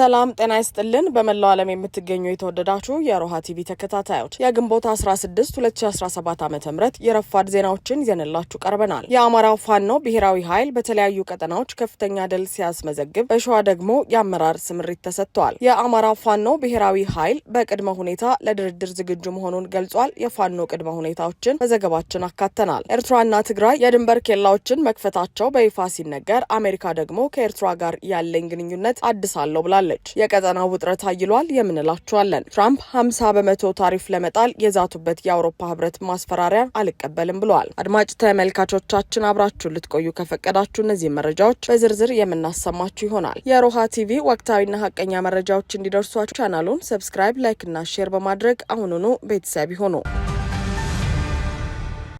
ሰላም ጤና ይስጥልን። በመላው ዓለም የምትገኙ የተወደዳችሁ የሮሃ ቲቪ ተከታታዮች የግንቦት 16 2017 ዓ ም የረፋድ ዜናዎችን ይዘንላችሁ ቀርበናል። የአማራ ፋኖ ብሔራዊ ኃይል በተለያዩ ቀጠናዎች ከፍተኛ ድል ሲያስመዘግብ፣ በሸዋ ደግሞ የአመራር ስምሪት ተሰጥቷል። የአማራ ፋኖ ብሔራዊ ኃይል በቅድመ ሁኔታ ለድርድር ዝግጁ መሆኑን ገልጿል። የፋኖ ቅድመ ሁኔታዎችን በዘገባችን አካተናል። ኤርትራና ትግራይ የድንበር ኬላዎችን መክፈታቸው በይፋ ሲነገር፣ አሜሪካ ደግሞ ከኤርትራ ጋር ያለኝ ግንኙነት አድሳለሁ ብላለች። ትገኛለች። የቀጠናው ውጥረት አይሏል የምንላቸዋለን። ትራምፕ ሀምሳ በመቶ ታሪፍ ለመጣል የዛቱበት የአውሮፓ ህብረት ማስፈራሪያ አልቀበልም ብለዋል። አድማጭ ተመልካቾቻችን አብራችሁ ልትቆዩ ከፈቀዳችሁ እነዚህ መረጃዎች በዝርዝር የምናሰማችሁ ይሆናል። የሮሃ ቲቪ ወቅታዊና ሀቀኛ መረጃዎች እንዲደርሷችሁ ቻናሉን ሰብስክራይብ፣ ላይክ እና ሼር በማድረግ አሁኑኑ ቤተሰብ ይሁኑ።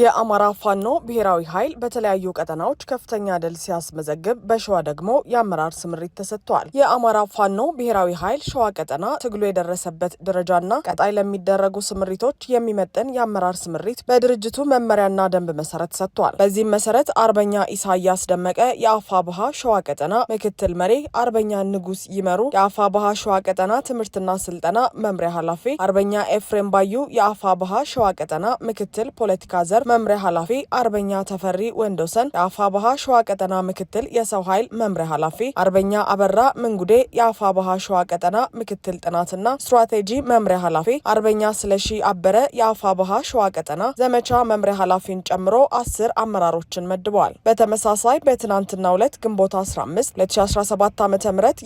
የአማራ ፋኖ ብሔራዊ ኃይል በተለያዩ ቀጠናዎች ከፍተኛ ድል ሲያስመዘግብ በሸዋ ደግሞ የአመራር ስምሪት ተሰጥቷል። የአማራ ፋኖ ብሔራዊ ኃይል ሸዋ ቀጠና ትግሉ የደረሰበት ደረጃና ቀጣይ ለሚደረጉ ስምሪቶች የሚመጥን የአመራር ስምሪት በድርጅቱ መመሪያና ደንብ መሰረት ሰጥቷል። በዚህም መሰረት አርበኛ ኢሳያስ ደመቀ የአፋ ባሃ ሸዋ ቀጠና ምክትል መሪ፣ አርበኛ ንጉስ ይመሩ የአፋ ባሃ ሸዋ ቀጠና ትምህርትና ስልጠና መምሪያ ኃላፊ፣ አርበኛ ኤፍሬም ባዩ የአፋ ባሃ ሸዋ ቀጠና ምክትል ፖለቲካ ዘርፍ መምሪያ ኃላፊ አርበኛ ተፈሪ ወንዶሰን፣ የአፋ ባሃ ሸዋ ቀጠና ምክትል የሰው ኃይል መምሪያ ኃላፊ አርበኛ አበራ ምንጉዴ፣ የአፋ ባሃ ሸዋ ቀጠና ምክትል ጥናትና ስትራቴጂ መምሪያ ኃላፊ አርበኛ ስለሺ አበረ፣ የአፋ ባሃ ሸዋ ቀጠና ዘመቻ መምሪያ ኃላፊን ጨምሮ አስር አመራሮችን መድበዋል። በተመሳሳይ በትናንትናው ዕለት ግንቦት 15 2017 ዓ ም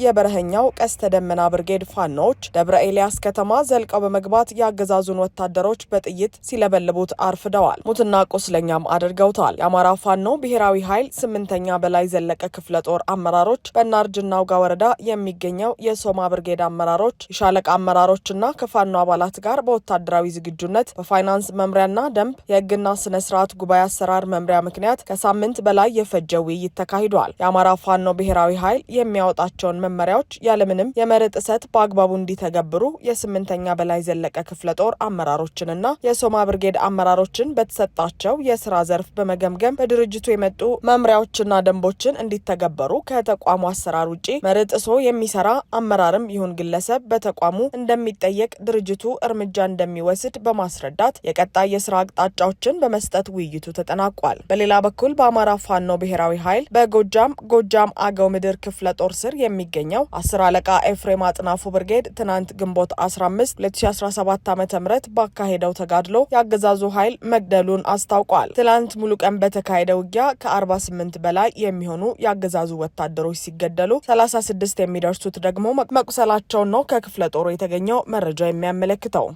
የበረሀኛው ቀስተ ደመና ብርጌድ ፋኖዎች ደብረ ኤልያስ ከተማ ዘልቀው በመግባት የአገዛዙን ወታደሮች በጥይት ሲለበልቡት አርፍደዋል። ሙትና ቁስለኛም አድርገውታል። የአማራ ፋኖ ብሔራዊ ኃይል ስምንተኛ በላይ ዘለቀ ክፍለ ጦር አመራሮች ውጋ ወረዳ የሚገኘው የሶማ ብርጌድ አመራሮች፣ የሻለቃ አመራሮችና ከፋኖ አባላት ጋር በወታደራዊ ዝግጁነት በፋይናንስ መምሪያና ደንብ የህግና ስነ ስርዓት ጉባኤ አሰራር መምሪያ ምክንያት ከሳምንት በላይ የፈጀ ውይይት ተካሂዷል። የአማራ ፋኖ ብሔራዊ ኃይል የሚያወጣቸውን መመሪያዎች ያለምንም የመርህ ጥሰት በአግባቡ እንዲተገብሩ የስምንተኛ በላይ ዘለቀ ክፍለ ጦር አመራሮችንና የሶማ ብርጌድ አመራሮችን በተሰጠ በተሰጣቸው የስራ ዘርፍ በመገምገም በድርጅቱ የመጡ መምሪያዎችና ደንቦችን እንዲተገበሩ ከተቋሙ አሰራር ውጪ መርጥሶ የሚሰራ አመራርም ይሁን ግለሰብ በተቋሙ እንደሚጠየቅ ድርጅቱ እርምጃ እንደሚወስድ በማስረዳት የቀጣይ የስራ አቅጣጫዎችን በመስጠት ውይይቱ ተጠናቋል። በሌላ በኩል በአማራ ፋኖ ብሔራዊ ኃይል በጎጃም ጎጃም አገው ምድር ክፍለ ጦር ስር የሚገኘው አስር አለቃ ኤፍሬም አጥናፉ ብርጌድ ትናንት ግንቦት 15 2017 ዓ ም ባካሄደው ተጋድሎ የአገዛዙ ኃይል መግደሉን አስታውቋል። ትላንት ሙሉ ቀን በተካሄደ ውጊያ ከ48 በላይ የሚሆኑ የአገዛዙ ወታደሮች ሲገደሉ 36 የሚደርሱት ደግሞ መቁሰላቸውን ነው ከክፍለ ጦሩ የተገኘው መረጃ የሚያመለክተው።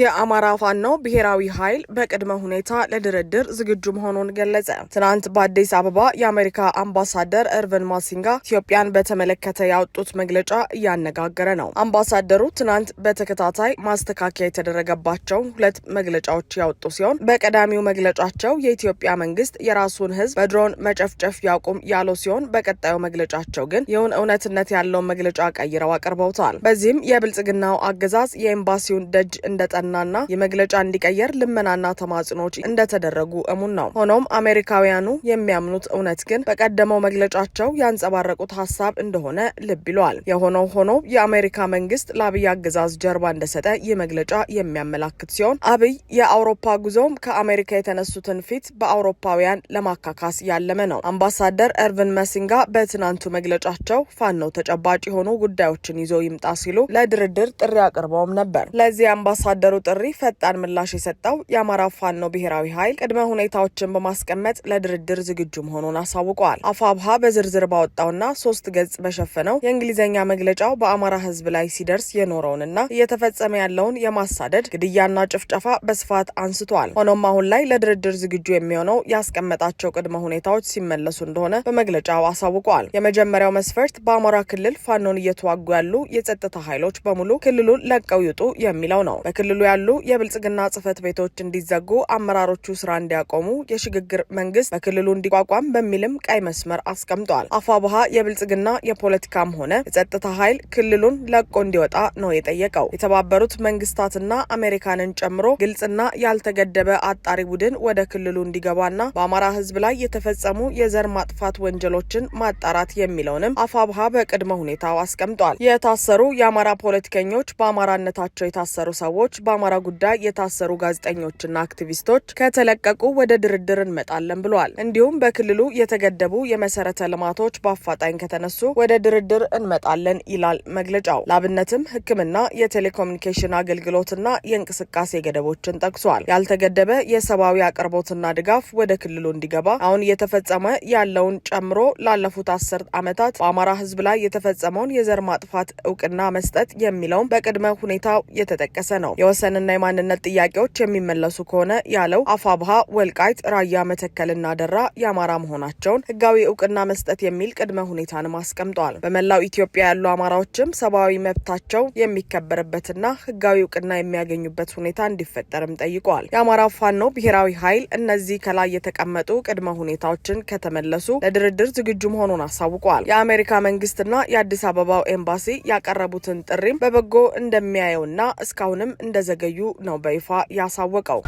የአማራ ፋኖ ብሔራዊ ኃይል በቅድመ ሁኔታ ለድርድር ዝግጁ መሆኑን ገለጸ። ትናንት በአዲስ አበባ የአሜሪካ አምባሳደር እርቨን ማሲንጋ ኢትዮጵያን በተመለከተ ያወጡት መግለጫ እያነጋገረ ነው። አምባሳደሩ ትናንት በተከታታይ ማስተካከያ የተደረገባቸውን ሁለት መግለጫዎች ያወጡ ሲሆን በቀዳሚው መግለጫቸው የኢትዮጵያ መንግስት የራሱን ሕዝብ በድሮን መጨፍጨፍ ያቁም ያለው ሲሆን በቀጣዩ መግለጫቸው ግን ይሁን እውነትነት ያለውን መግለጫ ቀይረው አቅርበውታል። በዚህም የብልጽግናው አገዛዝ የኤምባሲውን ደጅ እንደጠና ዋስትናና የመግለጫ እንዲቀየር ልመናና ተማጽኖች እንደተደረጉ እሙን ነው። ሆኖም አሜሪካውያኑ የሚያምኑት እውነት ግን በቀደመው መግለጫቸው ያንጸባረቁት ሀሳብ እንደሆነ ልብ ይለዋል። የሆነው ሆኖ የአሜሪካ መንግስት ለአብይ አገዛዝ ጀርባ እንደሰጠ ይህ መግለጫ የሚያመላክት ሲሆን አብይ የአውሮፓ ጉዞም ከአሜሪካ የተነሱትን ፊት በአውሮፓውያን ለማካካስ ያለመ ነው። አምባሳደር ኤርቪን መሲንጋ በትናንቱ መግለጫቸው ፋኖ ተጨባጭ የሆኑ ጉዳዮችን ይዞ ይምጣ ሲሉ ለድርድር ጥሪ አቅርበውም ነበር። ለዚህ አምባሳደሩ ለፌዴራሉ ጥሪ ፈጣን ምላሽ የሰጠው የአማራ ፋኖ ብሔራዊ ኃይል ቅድመ ሁኔታዎችን በማስቀመጥ ለድርድር ዝግጁ መሆኑን አሳውቋል። አፋብሃ በዝርዝር ባወጣውና ሶስት ገጽ በሸፈነው የእንግሊዝኛ መግለጫው በአማራ ህዝብ ላይ ሲደርስ የኖረውንና እየተፈጸመ ያለውን የማሳደድ ግድያና ጭፍጨፋ በስፋት አንስቷል። ሆኖም አሁን ላይ ለድርድር ዝግጁ የሚሆነው ያስቀመጣቸው ቅድመ ሁኔታዎች ሲመለሱ እንደሆነ በመግለጫው አሳውቋል። የመጀመሪያው መስፈርት በአማራ ክልል ፋኖን እየተዋጉ ያሉ የጸጥታ ኃይሎች በሙሉ ክልሉን ለቀው ይውጡ የሚለው ነው። በክልሉ በክልሉ ያሉ የብልጽግና ጽህፈት ቤቶች እንዲዘጉ፣ አመራሮቹ ስራ እንዲያቆሙ፣ የሽግግር መንግስት በክልሉ እንዲቋቋም በሚልም ቀይ መስመር አስቀምጠዋል። አፋብሃ የብልጽግና የፖለቲካም ሆነ የጸጥታ ኃይል ክልሉን ለቆ እንዲወጣ ነው የጠየቀው። የተባበሩት መንግስታትና አሜሪካንን ጨምሮ ግልጽና ያልተገደበ አጣሪ ቡድን ወደ ክልሉ እንዲገባና በአማራ ህዝብ ላይ የተፈጸሙ የዘር ማጥፋት ወንጀሎችን ማጣራት የሚለውንም አፋብሃ በቅድመ ሁኔታው አስቀምጧል። የታሰሩ የአማራ ፖለቲከኞች፣ በአማራነታቸው የታሰሩ ሰዎች በአማራ ጉዳይ የታሰሩ ጋዜጠኞችና አክቲቪስቶች ከተለቀቁ ወደ ድርድር እንመጣለን ብለዋል። እንዲሁም በክልሉ የተገደቡ የመሰረተ ልማቶች በአፋጣኝ ከተነሱ ወደ ድርድር እንመጣለን ይላል መግለጫው። ለአብነትም ሕክምና፣ የቴሌኮሙኒኬሽን አገልግሎትና የእንቅስቃሴ ገደቦችን ጠቅሷል። ያልተገደበ የሰብአዊ አቅርቦትና ድጋፍ ወደ ክልሉ እንዲገባ አሁን እየተፈጸመ ያለውን ጨምሮ ላለፉት አስር ዓመታት በአማራ ህዝብ ላይ የተፈጸመውን የዘር ማጥፋት እውቅና መስጠት የሚለውም በቅድመ ሁኔታው የተጠቀሰ ነው። የወሰንና የማንነት ጥያቄዎች የሚመለሱ ከሆነ ያለው አፋብሃ ወልቃይት፣ ራያ መተከልና ደራ የአማራ መሆናቸውን ህጋዊ እውቅና መስጠት የሚል ቅድመ ሁኔታንም አስቀምጧል። በመላው ኢትዮጵያ ያሉ አማራዎችም ሰብአዊ መብታቸው የሚከበርበትና ህጋዊ እውቅና የሚያገኙበት ሁኔታ እንዲፈጠርም ጠይቋል። የአማራ ፋኖ ብሔራዊ ኃይል እነዚህ ከላይ የተቀመጡ ቅድመ ሁኔታዎችን ከተመለሱ ለድርድር ዝግጁ መሆኑን አሳውቋል። የአሜሪካ መንግስትና የአዲስ አበባው ኤምባሲ ያቀረቡትን ጥሪም በበጎ እንደሚያየውና እስካሁንም እንደ እንደዘገዩ ነው በይፋ ያሳወቀው።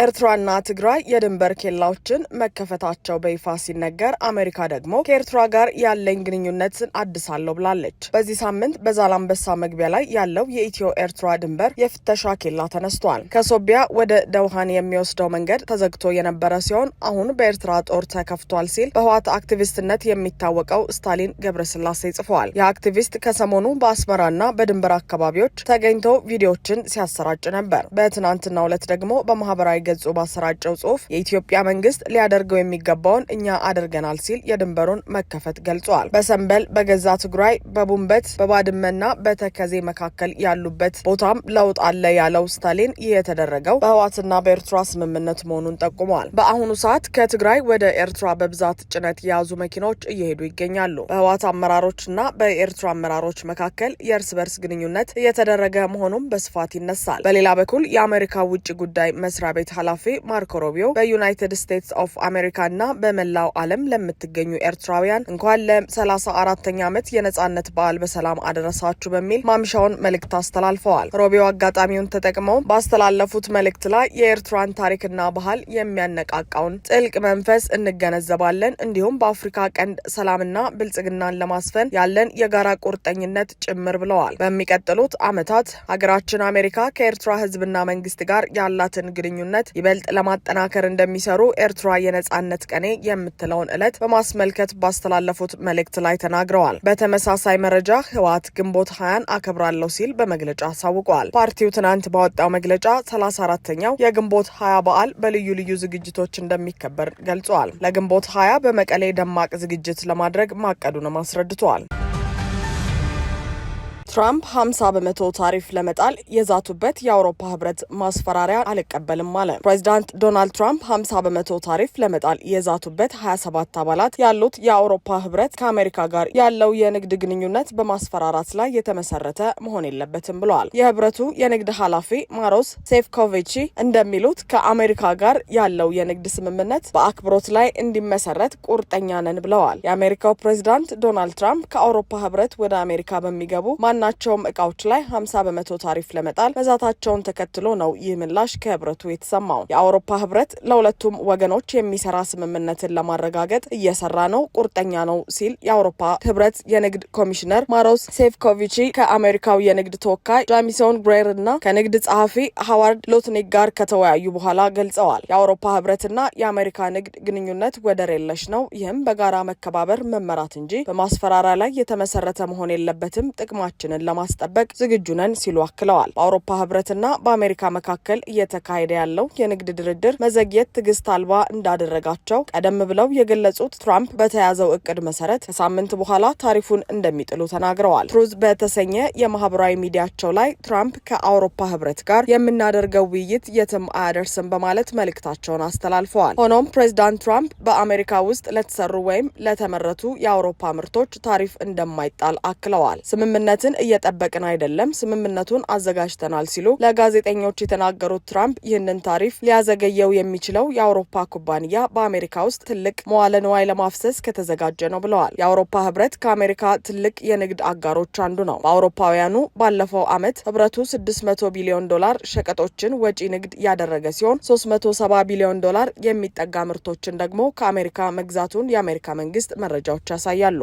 ኤርትራና ትግራይ የድንበር ኬላዎችን መከፈታቸው በይፋ ሲነገር አሜሪካ ደግሞ ከኤርትራ ጋር ያለኝ ግንኙነትን አድሳለሁ ብላለች። በዚህ ሳምንት በዛላምበሳ መግቢያ ላይ ያለው የኢትዮ ኤርትራ ድንበር የፍተሻ ኬላ ተነስቷል። ከሶቢያ ወደ ደውሃን የሚወስደው መንገድ ተዘግቶ የነበረ ሲሆን አሁን በኤርትራ ጦር ተከፍቷል ሲል በህወሓት አክቲቪስትነት የሚታወቀው ስታሊን ገብረስላሴ ጽፏል። የአክቲቪስት ከሰሞኑ በአስመራና በድንበር አካባቢዎች ተገኝቶ ቪዲዮዎችን ሲያሰራጭ ነበር። በትናንትናው ዕለት ደግሞ በማህበራዊ ገጹ ባሰራጨው ጽሁፍ የኢትዮጵያ መንግስት ሊያደርገው የሚገባውን እኛ አድርገናል ሲል የድንበሩን መከፈት ገልጿል። በሰንበል፣ በገዛ ትግራይ፣ በቡንበት፣ በባድመና በተከዜ መካከል ያሉበት ቦታም ለውጥ አለ ያለው ስታሊን ይህ የተደረገው በህዋትና በኤርትራ ስምምነት መሆኑን ጠቁመዋል። በአሁኑ ሰዓት ከትግራይ ወደ ኤርትራ በብዛት ጭነት የያዙ መኪናዎች እየሄዱ ይገኛሉ። በህዋት አመራሮችና በኤርትራ አመራሮች መካከል የእርስ በርስ ግንኙነት እየተደረገ መሆኑም በስፋት ይነሳል። በሌላ በኩል የአሜሪካ ውጭ ጉዳይ መስሪያ ቤት ኃላፊ ማርኮ ሮቢዮ በዩናይትድ ስቴትስ ኦፍ አሜሪካ እና በመላው ዓለም ለምትገኙ ኤርትራውያን እንኳን ለሰላሳ አራተኛ ዓመት የነጻነት በዓል በሰላም አደረሳችሁ በሚል ማምሻውን መልእክት አስተላልፈዋል። ሮቢዮ አጋጣሚውን ተጠቅመው ባስተላለፉት መልእክት ላይ የኤርትራን ታሪክና ባህል የሚያነቃቃውን ጥልቅ መንፈስ እንገነዘባለን፣ እንዲሁም በአፍሪካ ቀንድ ሰላምና ብልጽግናን ለማስፈን ያለን የጋራ ቁርጠኝነት ጭምር ብለዋል። በሚቀጥሉት ዓመታት ሀገራችን አሜሪካ ከኤርትራ ህዝብና መንግስት ጋር ያላትን ግንኙነት ግንኙነት ይበልጥ ለማጠናከር እንደሚሰሩ ኤርትራ የነጻነት ቀኔ የምትለውን ዕለት በማስመልከት ባስተላለፉት መልእክት ላይ ተናግረዋል። በተመሳሳይ መረጃ ህወሓት ግንቦት ሀያን አከብራለሁ ሲል በመግለጫ አሳውቋል። ፓርቲው ትናንት ባወጣው መግለጫ ሰላሳ አራተኛው የግንቦት ሀያ በዓል በልዩ ልዩ ዝግጅቶች እንደሚከበር ገልጿል። ለግንቦት ሀያ በመቀሌ ደማቅ ዝግጅት ለማድረግ ማቀዱንም አስረድቷል። ትራምፕ 50 በመቶ ታሪፍ ለመጣል የዛቱበት የአውሮፓ ህብረት ማስፈራሪያ አልቀበልም አለ። ፕሬዚዳንት ዶናልድ ትራምፕ 50 በመቶ ታሪፍ ለመጣል የዛቱበት 27 አባላት ያሉት የአውሮፓ ህብረት ከአሜሪካ ጋር ያለው የንግድ ግንኙነት በማስፈራራት ላይ የተመሰረተ መሆን የለበትም ብለዋል። የህብረቱ የንግድ ኃላፊ ማሮስ ሴፍኮቪቺ እንደሚሉት ከአሜሪካ ጋር ያለው የንግድ ስምምነት በአክብሮት ላይ እንዲመሰረት ቁርጠኛ ነን ብለዋል። የአሜሪካው ፕሬዚዳንት ዶናልድ ትራምፕ ከአውሮፓ ህብረት ወደ አሜሪካ በሚገቡ ማ በማናቸውም እቃዎች ላይ 50 በመቶ ታሪፍ ለመጣል መዛታቸውን ተከትሎ ነው ይህ ምላሽ ከህብረቱ የተሰማው። የአውሮፓ ህብረት ለሁለቱም ወገኖች የሚሰራ ስምምነትን ለማረጋገጥ እየሰራ ነው፣ ቁርጠኛ ነው ሲል የአውሮፓ ህብረት የንግድ ኮሚሽነር ማሮስ ሴፍኮቪቺ ከአሜሪካው የንግድ ተወካይ ጃሚሶን ግሬር እና ከንግድ ጸሐፊ ሀዋርድ ሎትኒክ ጋር ከተወያዩ በኋላ ገልጸዋል። የአውሮፓ ህብረትና የአሜሪካ ንግድ ግንኙነት ወደር የለሽ ነው። ይህም በጋራ መከባበር መመራት እንጂ በማስፈራሪያ ላይ የተመሰረተ መሆን የለበትም። ጥቅማችን ሰላማችንን ለማስጠበቅ ዝግጁ ነን ሲሉ አክለዋል። በአውሮፓ ህብረትና በአሜሪካ መካከል እየተካሄደ ያለው የንግድ ድርድር መዘግየት ትዕግስት አልባ እንዳደረጋቸው ቀደም ብለው የገለጹት ትራምፕ በተያዘው እቅድ መሰረት ከሳምንት በኋላ ታሪፉን እንደሚጥሉ ተናግረዋል። ትሩዝ በተሰኘ የማህበራዊ ሚዲያቸው ላይ ትራምፕ ከአውሮፓ ህብረት ጋር የምናደርገው ውይይት የትም አያደርስም በማለት መልእክታቸውን አስተላልፈዋል። ሆኖም ፕሬዚዳንት ትራምፕ በአሜሪካ ውስጥ ለተሰሩ ወይም ለተመረቱ የአውሮፓ ምርቶች ታሪፍ እንደማይጣል አክለዋል። ስምምነትን እየጠበቅን አይደለም፣ ስምምነቱን አዘጋጅተናል ሲሉ ለጋዜጠኞች የተናገሩት ትራምፕ ይህንን ታሪፍ ሊያዘገየው የሚችለው የአውሮፓ ኩባንያ በአሜሪካ ውስጥ ትልቅ መዋለ ንዋይ ለማፍሰስ ከተዘጋጀ ነው ብለዋል። የአውሮፓ ህብረት ከአሜሪካ ትልቅ የንግድ አጋሮች አንዱ ነው። በአውሮፓውያኑ ባለፈው አመት ህብረቱ 600 ቢሊዮን ዶላር ሸቀጦችን ወጪ ንግድ ያደረገ ሲሆን 370 ቢሊዮን ዶላር የሚጠጋ ምርቶችን ደግሞ ከአሜሪካ መግዛቱን የአሜሪካ መንግስት መረጃዎች ያሳያሉ።